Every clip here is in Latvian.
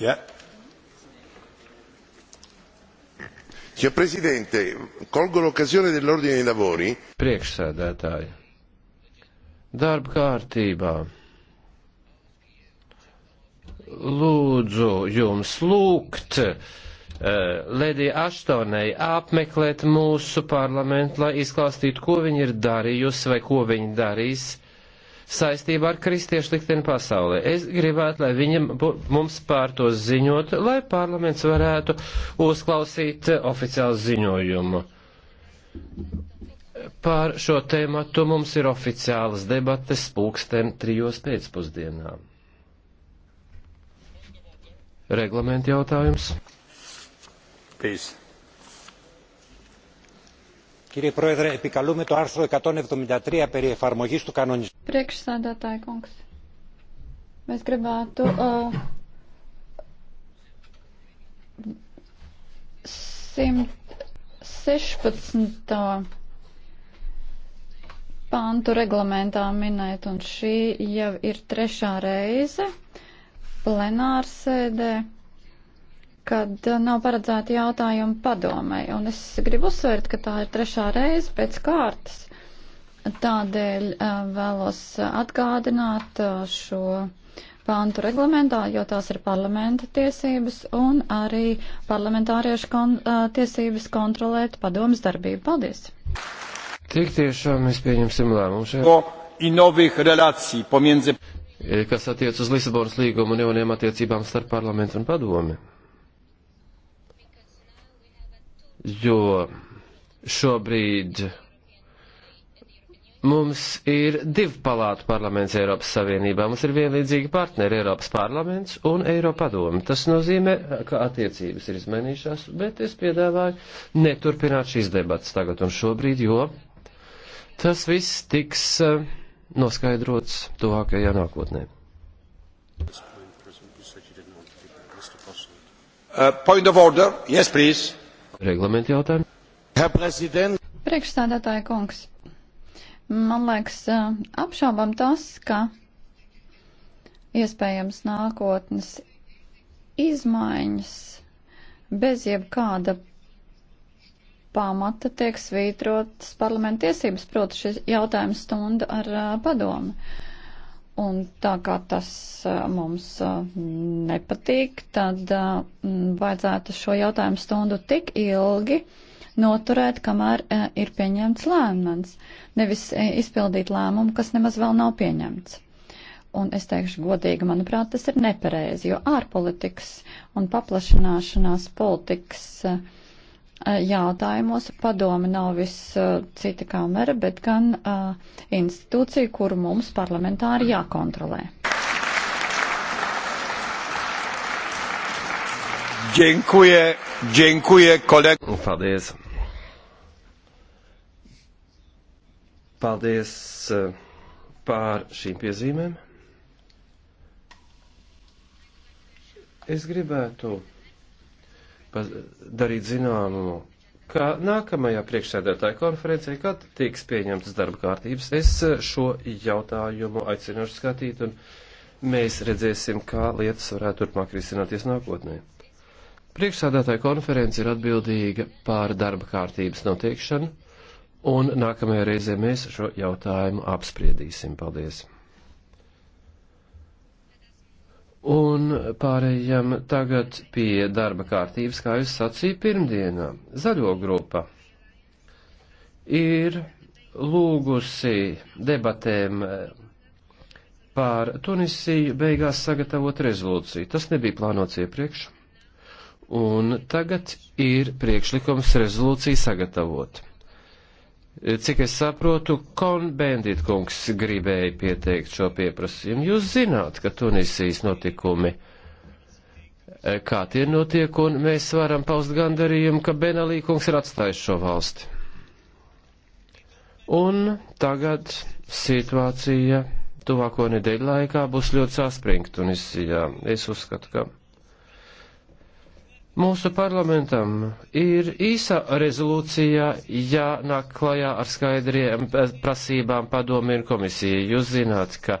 signor ja. presidente colgo l'occasione dell'ordine dei lavori. priekšsēdētāji darba kārtībā lūdzu jums lūgt eh, Ledija Aštonei apmeklēt mūsu parlamentu, lai izklāstītu, ko viņa ir darījusi vai ko viņa darīs saistībā ar kristiešu likteni pasaulē. Es gribētu, lai viņam mums pār to ziņot, lai parlaments varētu uzklausīt oficiālu ziņojumu. Par šo tēmatu mums ir oficiālas debates pulksten trijos pēcpusdienā. Reglamenta jautājums. Peace. Κύριε Πρόεδρε, επικαλούμε το άρθρο 173 περί εφαρμογής του κανονισμού. Priekšsēdētāji kungs, mēs gribētu uh, 116. pantu reglamentā minēt, un šī jau ir trešā reize plenārsēdē kad eh, nav paredzēti jautājumi padomai. Un es gribu uzsvērt, ka tā ir trešā reize pēc kārtas. Tādēļ eh, vēlos atgādināt eh, šo pāntu reglamentā, jo tās ir parlamenta tiesības un arī parlamentāriešu kon tiesības kontrolēt padomas darbību. Paldies! Tik tiešām mēs pieņemsim lēmumu šeit. I nowych relacji pomiędzy kas attiec uz Lisabonas līgumu un jauniem attiecībām starp parlamentu un padomi jo šobrīd mums ir divu palātu parlaments Eiropas Savienībā. Mums ir vienlīdzīgi partneri Eiropas parlaments un Eiropadoma. Tas nozīmē, ka attiecības ir izmainījušās, bet es piedāvāju neturpināt šīs debatas tagad un šobrīd, jo tas viss tiks eh, noskaidrots tuvākajā nākotnē. Uh, point of order. Yes, please. Reglamenta jautājumu. Priekšstādātāja kungs, man liekas apšaubam tas, ka iespējams nākotnes izmaiņas bez jebkāda pamata tiek svītrotas parlamenta tiesības, proti šis jautājums stunda ar padomu. Un tā kā tas uh, mums uh, nepatīk, tad uh, vajadzētu šo jautājumu stundu tik ilgi noturēt, kamēr ir pieņemts lēmums, nevis izpildīt lēmumu, kas nemaz vēl nav pieņemts. Un es teikšu godīgi, manuprāt, tas ir nepareizi, jo ārpolitikas un paplašanāšanās politikas uh, Eh, jautājumos padome nav viss eh, cita kamera, bet gan uh, institūcija, kuru mums parlamentāri jākontrolē. Dziękuję, dziękuję kolegom. Paldies. Paldies pār šīm piezīmēm. Es gribētu darīt zināmu, ka nākamajā priekšsēdētāja konferencē, kad tiks pieņemtas darba kārtības, es eh, šo jautājumu aicināšu skatīt un mēs redzēsim, kā lietas varētu turpmāk risināties nākotnē. Priekšsādātāja konference ir atbildīga pār darba kārtības noteikšanu, un nākamajā reizē mēs šo jautājumu apspriedīsim. Paldies! Un pārējām tagad pie darba kārtības, kā es sacīju pirmdienā. Zaļo grupa ir lūgusi debatēm eh, pār Tunisiju beigās sagatavot rezolūciju. Tas nebija plānots iepriekš. Un tagad ir priekšlikums rezolūciju sagatavot. Cik es saprotu, konbendit kungs gribēja pieteikt šo pieprasījumu. Jūs zināt, ka Tunisijas notikumi, e, kā tie notiek, un mēs varam paust gandarījumu, ka Benalī kungs ir atstājis šo valsti. Un tagad situācija tuvāko nedēļu laikā būs ļoti saspringta Tunisijā. Es uzskatu, ka Mūsu parlamentam ir īsa rezolūcija jānāk klajā ar skaidriem prasībām padomju un komisiju. Jūs zināt, ka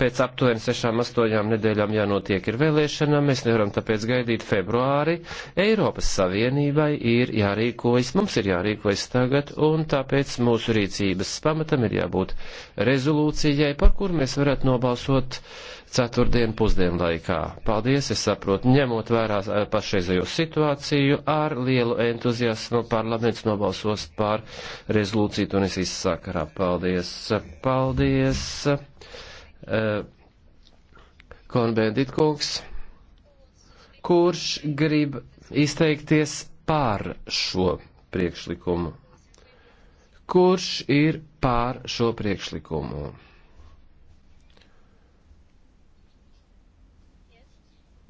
pēc aptuveni sešām, astoņām nedēļām jānotiek ir vēlēšanām, mēs nevaram tāpēc gaidīt februāri. Eiropas Savienībai ir jārīkojas, mums ir jārīkojas tagad, un tāpēc mūsu rīcības pamatam ir jābūt rezolūcijai, par kur mēs varētu nobalsot uh, ceturtdienu pusdienlaikā. Paldies, es saprotu, ņemot vērā pašreizējo situāciju, ar lielu entuziasmu parlaments nobalsos pār rezolūciju Tunisijas sakarā. Paldies, paldies, konbendit kungs, kurš grib izteikties pār šo priekšlikumu. Kurš ir pār šo priekšlikumu?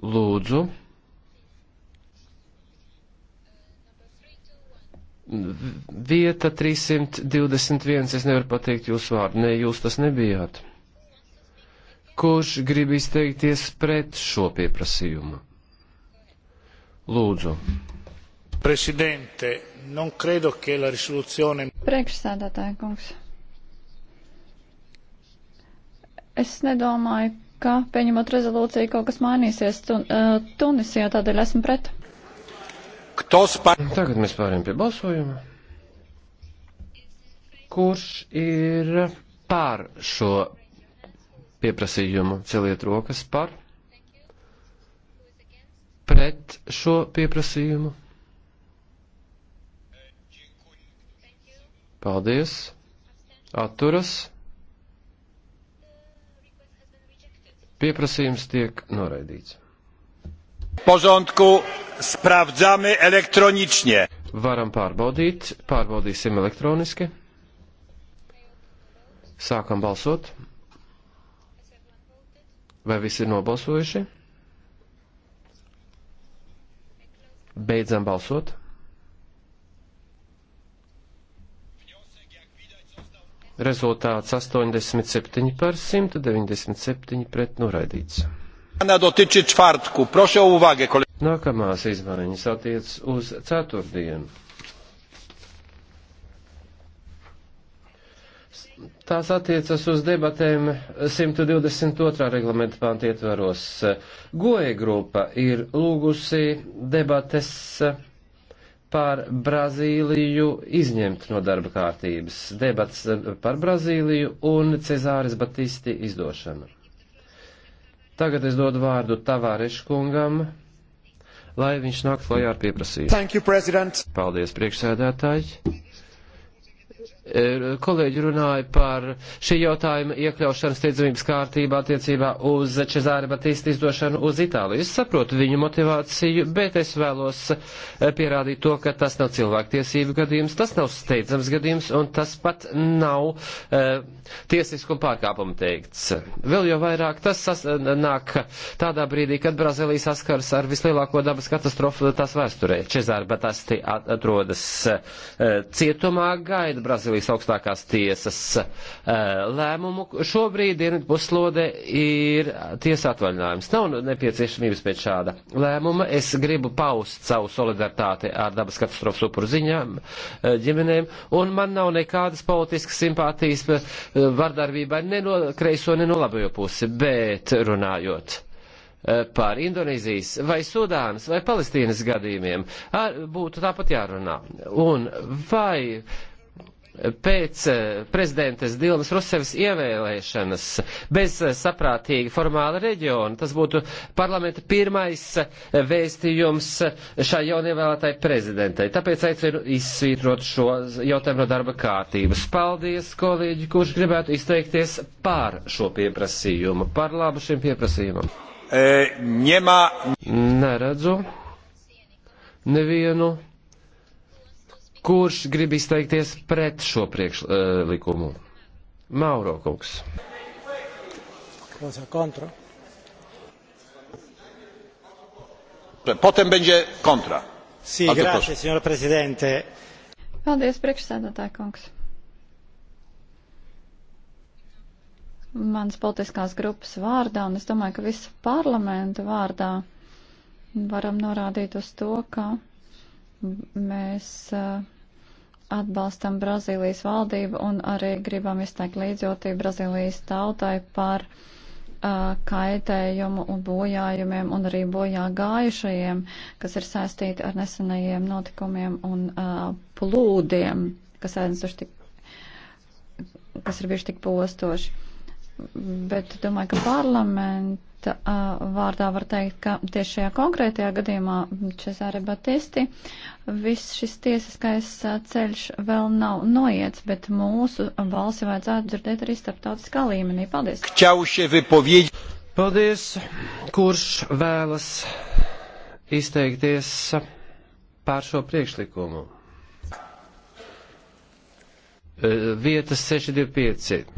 Lūdzu. Vieta 321, es nevaru pateikt jūsu vārdu, nē, jūs tas nebijāt. Kurš grib izteikties pret šo pieprasījumu? Lūdzu. Presidente, non credo che la risoluzione. Priekšsēdētāja kungs. Es nedomāju, ka pieņemot rezolūciju kaut kas mainīsies tun, uh, Tunisijā, tādēļ esmu pret. Par... Tagad mēs pārējām pie balsojuma. Kurš ir pār šo pieprasījumu? Celiet rokas par. Pret šo pieprasījumu. Paldies. Atturas. Pieprasījums tiek noraidīts. Porządku sprawdzamy elektronicznie. Varam pārbaudīt, pārbaudīsim elektroniski. Sākam balsot. Vai visi ir nobalsojuši? Beidzam balsot. Rezultāts 87 par 197 pret noraidīts. Nākamās izmaiņas attiec uz ceturtdienu. Tās attiecas uz debatēm 122. reglamenta pānti ietvaros. Goja grupa ir lūgusi debates par Brazīliju izņemt no darba kārtības. Debats eh, par Brazīliju un Cezāres Batisti izdošanu. Tagad es dodu vārdu Tavārešu kungam, lai viņš nāk klajā ar pieprasījumu. Thank you, President! Paldies, priekšsēdētāji! kolēģi runāja par šī jautājuma iekļaušanu steidzamības kārtībā attiecībā uz Čezāri Batīsti izdošanu uz Itāliju. Es saprotu viņu motivāciju, bet es vēlos eh, pierādīt to, ka tas nav cilvēktiesību gadījums, tas nav steidzams gadījums un tas pat nav uh, tiesisko pārkāpumu teikts. Vēl jau vairāk tas sas, nāk tādā brīdī, kad Brazīlija saskars ar vislielāko dabas katastrofu tās vēsturē. Čezāri Batīsti atrodas uh, cietumā, gaida Brazīlija Brazīlijas augstākās tiesas eh, lēmumu. Šobrīd Dienvidpuslode ir tiesa atvaļinājums. Nav nepieciešamības pēc šāda lēmuma. Es gribu paust savu solidaritāti ar dabas katastrofas upuru ziņām eh, ģimenēm, un man nav nekādas politiskas simpātijas eh, vardarbībai ne no kreiso, ne no labajo pusi, bet runājot par Indonēzijas vai Sudānas vai Palestīnas gadījumiem ar, būtu tāpat jārunā. Un vai pēc eh, prezidentes Dilmas Rusevas ievēlēšanas bez eh, saprātīgi formāla reģiona. Tas būtu parlamenta pirmais eh, vēstījums šai jaunievēlētai prezidentei. Tāpēc aicinu izsvītrot šo jautājumu no darba kārtības. Paldies, kolēģi, kurš gribētu izteikties pār šo pieprasījumu, par labu šim pieprasījumam. E, ņemā... Neredzu nevienu. Kurš grib izteikties pret šo priekšlikumu? Eh, Mauro kungs. Potem będzie kontra. Sī, grācie, signora prezidente. Paldies, priekšsēdētāj kungs. Mans politiskās grupas vārdā, un es domāju, ka visu parlamentu vārdā varam norādīt uz to, ka mēs uh, atbalstam Brazīlijas valdību un arī gribam izteikt līdzjūtību Brazīlijas tautai par uh, kaitējumu un bojājumiem un arī bojā gājušajiem, kas ir saistīti ar nesenajiem notikumiem un uh, plūdiem, kas, tik, kas ir bijuši tik postoši bet domāju, ka parlamenta vārdā var teikt, ka tieši šajā konkrētajā gadījumā Čezāre Batisti viss šis tiesiskais ceļš vēl nav noiets, bet mūsu balsi vajadzētu dzirdēt arī starptautiskā līmenī. Paldies! Paldies! Kurš vēlas izteikties pār šo priekšlikumu? E, vietas 625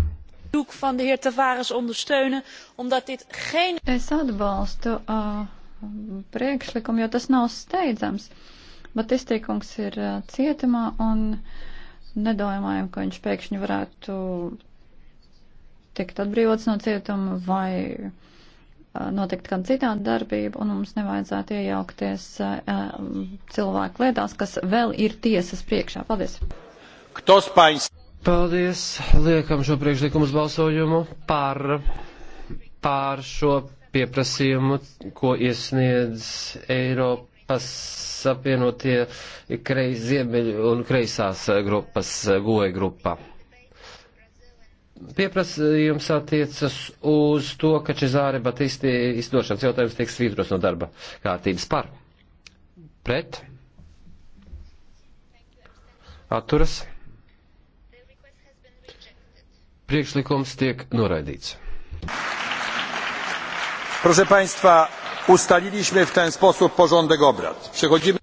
verzoek van de heer Tavares ondersteunen, omdat dit geen... Es atbalstu uh, priekšlikumu, jo tas nav steidzams. Batistīkungs ir uh, cietumā un nedomājam, ka viņš pēkšņi varētu tikt atbrīvots no cietuma vai uh, notikt kāda citāda darbība, un mums nevajadzētu iejaukties uh, cilvēku lietās, kas vēl ir tiesas priekšā. Paldies! Ktos paņs? Paldies. Liekam šo priekšlikumu uz balsojumu par, par šo pieprasījumu, ko iesniedz Eiropas apvienotie kreis, ziemeļu un kreisās grupas, goja grupa. Pieprasījums attiecas uz to, ka Čezāre Batisti izdošanas jautājums tiek svītros no darba kārtības par. Pret. Atturas. Priekšlikums tiek noraidīts. Proszę Państwa, ustaliliśmy w ten sposób porządek obrad. Przechodzimy.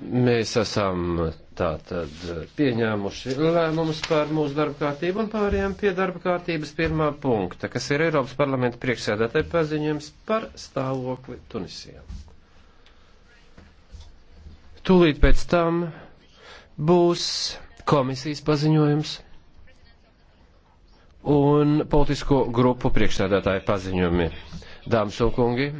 Mēs esam tātad pieņēmuši lēmumus par mūsu darba kārtību un pārējām pie darba kārtības pirmā punkta, kas ir Eiropas parlamenta priekšsēdētāja paziņojums par stāvokli Tunisijā. Tūlīt pēc tam būs komisijas paziņojums un politisko grupu priekšsēdētāju paziņojumi. Dāmas un kungi!